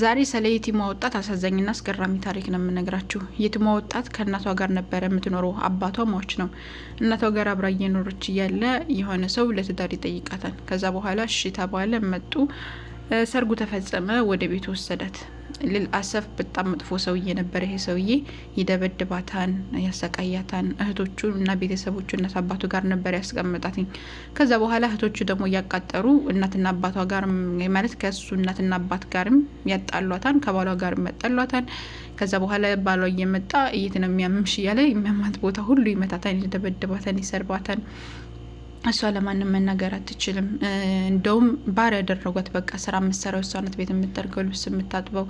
ዛሬ ስለ የቲሟ ወጣት አሳዛኝና አስገራሚ ታሪክ ነው የምነግራችሁ። የቲሟ ወጣት ከእናቷ ጋር ነበረ የምትኖረው። አባቷ ሟች ነው። እናቷ ጋር አብራ እየኖረች እያለ የሆነ ሰው ለትዳር ይጠይቃታል። ከዛ በኋላ እሺ ተባለ፣ መጡ፣ ሰርጉ ተፈጸመ፣ ወደ ቤት ወሰዳት። ልል አሰፍ በጣም መጥፎ ሰውዬ ነበር። ይሄ ሰውዬ ይደበድባታን፣ ያሰቃያታን። እህቶቹ እና ቤተሰቦቹ እናት አባቱ ጋር ነበር ያስቀምጣትኝ። ከዛ በኋላ እህቶቹ ደግሞ እያቃጠሩ እናትና አባቷ ጋር ማለት ከእሱ እናትና አባት ጋርም ያጣሏታን፣ ከባሏ ጋር ያጣሏታን። ከዛ በኋላ ባሏ እየመጣ እየት ነው የሚያምሽ እያለ የሚያማት ቦታ ሁሉ ይመታታን፣ ይደበድባታን፣ ይሰርባታን እሷ ለማንም መናገር አትችልም። እንደውም ባር ያደረጓት በቃ ስራ የምትሰራው እሷ ናት። ቤት የምትጠርገው፣ ልብስ የምታጥበው፣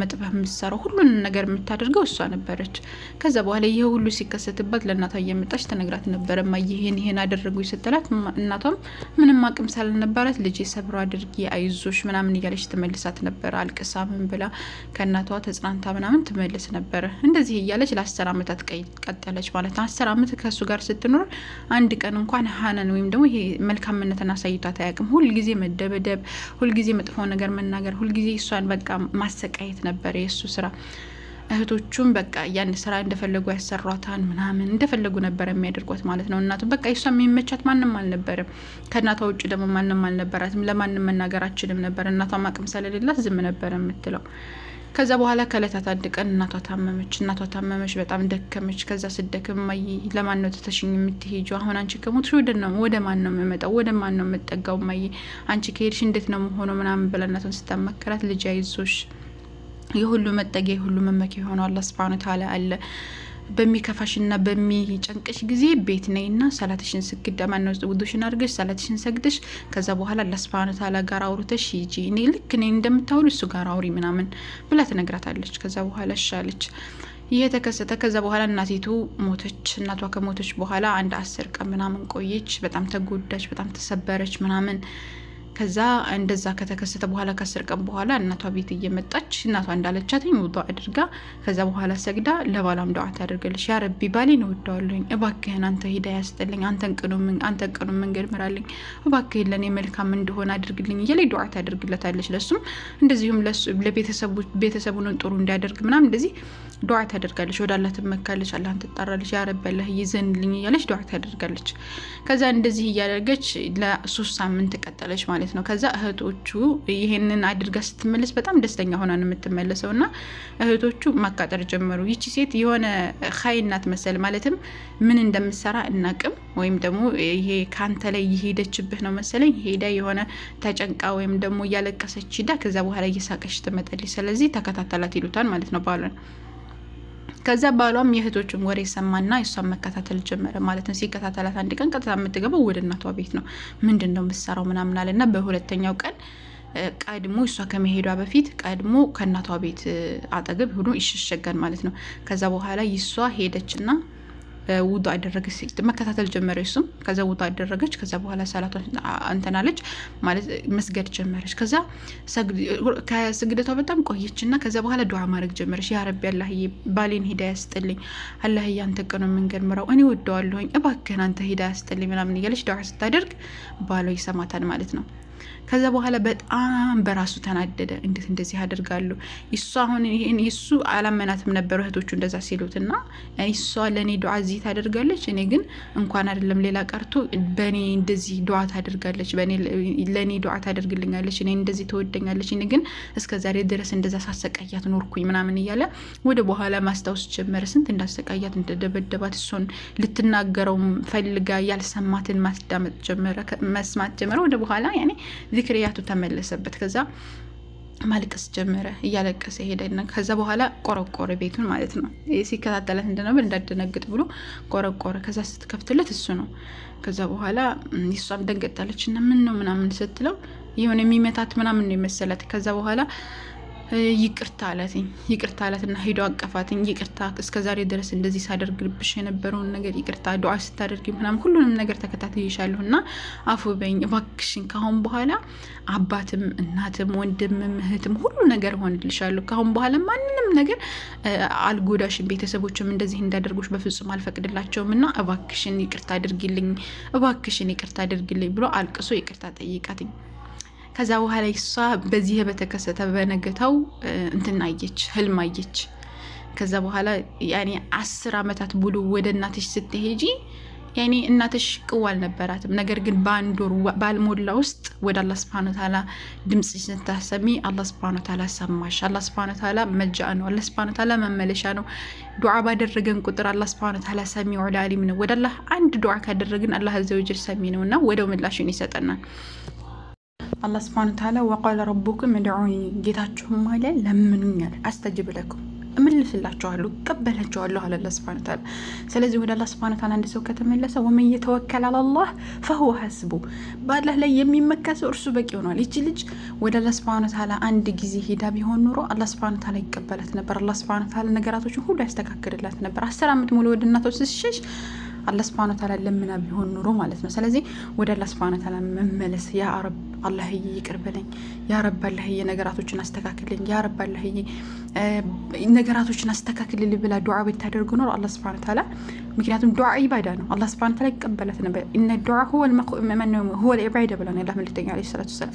መጥበህ የምትሰራው፣ ሁሉን ነገር የምታደርገው እሷ ነበረች። ከዛ በኋላ ይሄ ሁሉ ሲከሰትባት ለእናቷ እየመጣች ትነግራት ነበረ። ማ ይህን ይህን አደረጉ ስትላት እናቷም ምንም አቅም ስላልነበራት ልጅ ሰብሮ አድርጊ አይዞሽ ምናምን እያለች ትመልሳት ነበረ። አልቅሳ ምን ብላ ከእናቷ ተጽናንታ ምናምን ትመልስ ነበረ። እንደዚህ እያለች ለአስር አመታት ቀጠለች ማለት ነው። አስር አመት ከእሱ ጋር ስትኖር አንድ ቀን እንኳን መጋነን ወይም ደግሞ ይሄ መልካምነትን አሳይቷት አያውቅም። ሁልጊዜ መደበደብ፣ ሁልጊዜ መጥፎ ነገር መናገር፣ ሁልጊዜ እሷን በቃ ማሰቃየት ነበር የእሱ ስራ። እህቶቹም በቃ ያን ስራ እንደፈለጉ ያሰሯታን ምናምን እንደፈለጉ ነበር የሚያደርጓት ማለት ነው። እናቱ በቃ እሷ የሚመቻት ማንም አልነበርም። ከእናቷ ውጭ ደግሞ ማንም አልነበራትም። ለማንም መናገር አችልም ነበር። እናቷ አቅም ስለሌላት ዝም ነበር የምትለው ከዛ በኋላ ከእለታት አንድ ቀን እናቷ ታመመች። እናቷ ታመመች፣ በጣም ደከመች። ከዛ ስደክም ማይ ለማን ነው ትተሽኝ የምትሄጁ? አሁን አንቺ ከሞትሽ ወደ ነው ወደ ማን ነው የምመጣው? ወደ ማን ነው የምጠጋው? ማይ አንቺ ከሄድሽ እንዴት ነው ሆኖ ምናምን ብላ እናቷን ስታመከራት ልጅ አይዞሽ የሁሉ መጠጊያ የሁሉ መመኪያ የሆነው አላህ ሱብሃነሁ ወተዓላ አለ በሚከፋሽና በሚጨንቅሽ ጊዜ ቤት ነይና ሰላትሽን ስግድ ማነው ውዱሽን አድርገሽ ሰላትሽን ሰግደሽ ከዛ በኋላ ለስፋኑ ታላ ጋር አውርተሽ ይጂ እኔ ልክ እኔ እንደምታውሉ እሱ ጋር አውሪ ምናምን ብላ ትነግራታለች። ከዛ በኋላ ሻለች ይህ የተከሰተ ከዛ በኋላ እናቲቱ ሞተች። እናቷ ከሞተች በኋላ አንድ አስር ቀን ምናምን ቆየች። በጣም ተጎዳች፣ በጣም ተሰበረች ምናምን ከዛ እንደዛ ከተከሰተ በኋላ ከአስር ቀን በኋላ እናቷ ቤት እየመጣች እናቷ እንዳለቻትኝ ውዱ አድርጋ ከዛ በኋላ ሰግዳ ለባሏም ደዋ ታደርገልሽ። ያ ረቢ ባሌን እወደዋለሁኝ፣ እባክህን አንተ ሂዳ ያስጠልኝ፣ አንተ ቅኑ መንገድ ምራልኝ፣ እባክህን ለእኔ መልካም እንደሆነ አድርግልኝ እያለ ደዋ ታደርግለታለች። ለሱም እንደዚሁም ለቤተሰቡን ጥሩ እንዲያደርግ ምናም እንደዚህ ዱዓ ታደርጋለች። ወደ አላህ ትመካለች፣ አላህን ትጣራለች። ያረቢ አላህ ይዘንልኝ እያለች ዱዓ ታደርጋለች። ከዛ እንደዚህ እያደረገች ለሶስት ሳምንት ቀጠለች ማለት ነው። ከዛ እህቶቹ ይሄንን አድርጋ ስትመለስ በጣም ደስተኛ ሆና ነው የምትመለሰው እና እህቶቹ ማቃጠር ጀመሩ። ይቺ ሴት የሆነ ሀይ መሰል ማለትም ምን እንደምሰራ እናቅም ወይም ደግሞ ይሄ ከአንተ ላይ የሄደችብህ ነው መሰለኝ ሄዳ የሆነ ተጨንቃ ወይም ደግሞ እያለቀሰች ሂዳ ከዛ በኋላ እየሳቀች ትመጣለች። ስለዚህ ተከታተላት ይሉታል ማለት ነው ባሏን ከዛ ባሏም የእህቶችን ወሬ ሰማና እሷን መከታተል ጀመረ ማለት ነው። ሲከታተላት አንድ ቀን ቀጥታ የምትገባው ወደ እናቷ ቤት ነው። ምንድን ነው የምትሰራው ምናምን አለና በሁለተኛው ቀን ቀድሞ እሷ ከመሄዷ በፊት ቀድሞ ከእናቷ ቤት አጠገብ ሆኖ ይሸሸጋል ማለት ነው። ከዛ በኋላ ይሷ ሄደችና ውዱ አደረገች መከታተል ጀመረች። እሱም ከዛ ውዱ አደረገች። ከዛ በኋላ ሰላቷን እንትን አለች ማለት መስገድ ጀመረች። ከዛ ከስግደቷ በጣም ቆየች እና ከዛ በኋላ ዱዓ ማድረግ ጀመረች። ያ ረቢ አላህዬ ባሌን ሂዳ ያስጥልኝ፣ አላህዬ አንተ ቀኑ መንገድ ምራው፣ እኔ ወደዋለሁኝ፣ እባክህን አንተ ሂዳ ያስጥልኝ ምናምን እያለች ዱዓ ስታደርግ ባሏ ይሰማታል ማለት ነው። ከዛ በኋላ በጣም በራሱ ተናደደ። እንዴት እንደዚህ አደርጋለሁ? እሷ አሁን ይህን እሱ አላመናትም ነበሩ እህቶቹ እንደዛ ሲሉትና እሷ ለእኔ ዱዓ እዚህ ታደርጋለች፣ እኔ ግን እንኳን አይደለም ሌላ ቀርቶ በእኔ እንደዚህ ዱዓ ታደርጋለች፣ ለእኔ ዱዓ ታደርግልኛለች፣ እኔ እንደዚህ ትወደኛለች፣ እኔ ግን እስከዛሬ ድረስ እንደዛ ሳሰቃያት ኖርኩኝ ምናምን እያለ ወደ በኋላ ማስታወስ ጀመረ። ስንት እንዳሰቃያት እንደደበደባት እሱን ልትናገረው ፈልጋ ያልሰማትን ማስዳመጥ ጀመረ፣ መስማት ጀመረ ወደ በኋላ ያኔ ዚክርያቱ ተመለሰበት። ከዛ ማልቀስ ጀመረ። እያለቀሰ ሄደና ከዛ በኋላ ቆረቆረ ቤቱን ማለት ነው። ሲከታተላት እንደነበር እንዳደነግጥ ብሎ ቆረቆረ። ከዛ ስትከፍትለት እሱ ነው። ከዛ በኋላ እሷም ደንገጣለች እና ምን ነው ምናምን ስትለው የሆነ የሚመታት ምናምን ነው የመሰላት ከዛ በኋላ ይቅርታ አላትኝ። ይቅርታ አላትና ሄዶ አቀፋትኝ። ይቅርታ እስከዛሬ ድረስ እንደዚህ ሳደርግብሽ የነበረውን ነገር ይቅርታ፣ ዱዓ ስታደርግ ምናምን ሁሉንም ነገር ተከታትይሻለሁ እና አፉ በኝ እባክሽን። ካሁን በኋላ አባትም እናትም ወንድምም እህትም ሁሉ ነገር ሆንልሻለሁ። ካሁን በኋላ ማንንም ነገር አልጎዳሽም። ቤተሰቦችም እንደዚህ እንዳደርጎች በፍጹም አልፈቅድላቸውም እና እባክሽን ይቅርታ አድርግልኝ፣ እባክሽን ይቅርታ አድርግልኝ ብሎ አልቅሶ ይቅርታ ጠይቃትኝ። ከዛ በኋላ እሷ በዚህ በተከሰተ በነገታው እንትን አየች፣ ህልም አየች። ከዛ በኋላ ያኔ አስር ዓመታት ሙሉ ወደ እናትሽ ስትሄጂ ያኔ እናትሽ ቅዋ አልነበራትም። ነገር ግን በአንድ ወር ባልሞላ ውስጥ ወደ አላህ ስብሃነ ተዓላ ድምፅ ስታሰሚ አላህ ስብሃነ ተዓላ ሰማሽ። አላህ ስብሃነ ተዓላ መጃ ነው። አላህ ስብሃነ ተዓላ መመለሻ ነው። ዱዓ ባደረገን ቁጥር አላህ ስብሃነ ተዓላ ሰሚዑል ዓሊም ነው። ወደ አላህ አንድ ዱዓ ካደረግን አላህ አዘወጀል ሰሚ ነው እና ወደው ምላሽን ይሰጠናል። አላህ ስብሐነ ተዓላ ወቃለ ረቡኩም እድዑኒ ጌታችሁም አለ ለምኑኛል፣ አስተጅብ ለኩም እመልስላችኋለሁ፣ እቀበላችኋለሁ አለ አላህ ስብሐነ ተዓላ። ስለዚህ ወደ አላህ ስብሐነ ተዓላ አንድ ሰው ከተመለሰ ወመን የተወከል አላህ ፈሁወ ሐስቡ፣ በአላህ ላይ የሚመካ ሰው እርሱ በቂ ሆኗል። ይቺ ልጅ ወደ አላህ ስብሐነ ተዓላ አንድ ጊዜ ሄዳ ቢሆን ኑሮ አላህ ስብሐነ ተዓላ ይቀበላት ነበር። አላህ ስብሐነ ተዓላ ነገራቶችን ሁሉ ያስተካክልላት ነበር። አስር ዓመት ሙሉ ወደ እናቶች ስትሸሽ አላህ ስብሐነ ወተዓላ ለምና ቢሆን ኑሮ ማለት ነው። ስለዚህ ወደ አላህ ስብሐነ ወተዓላ መመለስ ያ ረብ አላህዬ ይቅር በለኝ፣ ያ ረብ አላህዬ ነገራቶችን አስተካክልኝ፣ ያ ረብ አላህዬ ነገራቶችን አስተካክልልኝ ብላ ዱዓ ብታደርግ ኖሮ አላህ ስብሐነ ወተዓላ ምክንያቱም ዱዓ ኢባዳ ነው። አላህ ስብሐነ ወተዓላ ይቀበላት ነበር። እነ ዱዓ ሁወል ኢባዳ ብላ ነው ያላህ መልክተኛ ዓለይሂ ሰላቱ ወሰላም።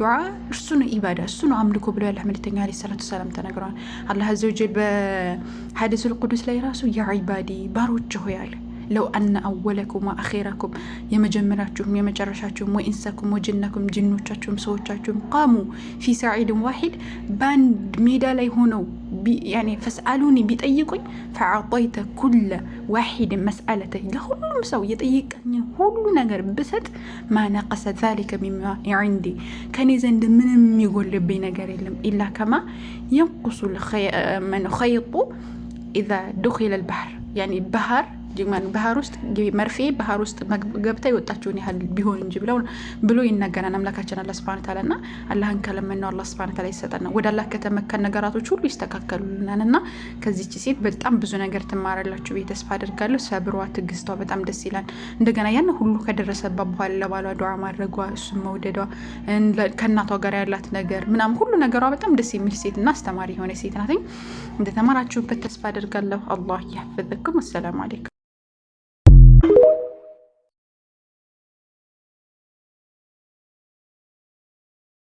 ዱዓ እርሱ ነው ኢባዳ፣ እሱ ነው አምልኮ ብሎ ያላህ መልክተኛ ዓለይሂ ሰላቱ ወሰላም ተነግረዋል። አላህ አዘወጀል በሐዲሱል ቁዱስ ላይ ራሱ ያ ኢባዲ ባሮች ሆያለ ለው አነ አወለኩም አኼራኩም የመጀመሪያችሁም የመጨረሻችሁም ወኢንሳኩም ወጅናኩም ጅኖቻችሁም ሰዎቻችሁም ቃሙ ፊ ሰዒድን ዋሂድ በአንድ ሜዳ ላይ ሆነው ፈስአሉኒ ቢጠይቁኝ ፈአዕጠይተ ኩለ ዋሂድን መስአለተ ለሁሉም ሰው የጠየቀኝን ሁሉ ነገር ብሰጥ ማነቀሰ ዛሊከ ሚማ ዒንዲ ከኔ ዘንድ ምንም የሚጎልብኝ ነገር የለም ኢላ ከማ የንቁሱ ኸይጡ ኢዛ ዱኪለ ልባህር ያኒ ባህር ባህር ውስጥ መርፌ ባህር ውስጥ ገብታ የወጣችውን ያህል ቢሆን እንጂ ብለው ብሎ ይነገራል። አምላካችን አላ ሱብሃነሁ ታላ ና አላህን ከለመነው አላህ ሱብሃነሁ ወተዓላ ይሰጠናል። ወደ አላህ ከተመከን ነገራቶች ሁሉ ይስተካከሉልናል ና ከዚች ሴት በጣም ብዙ ነገር ትማራላችሁ ብዬ ተስፋ አድርጋለሁ። ሰብሯ፣ ትግስቷ በጣም ደስ ይላል። እንደገና ያን ሁሉ ከደረሰባት በኋላ ለባሏ ዱዓ ማድረጓ፣ እሱን መውደዷ፣ ከእናቷ ጋር ያላት ነገር ምናምን ሁሉ ነገሯ በጣም ደስ የሚል ሴት ና አስተማሪ የሆነ ሴት ናትኝ። እንደተማራችሁበት ተስፋ አድርጋለሁ። አላህ ያፈዘኩም። አሰላሙ አሌይኩም።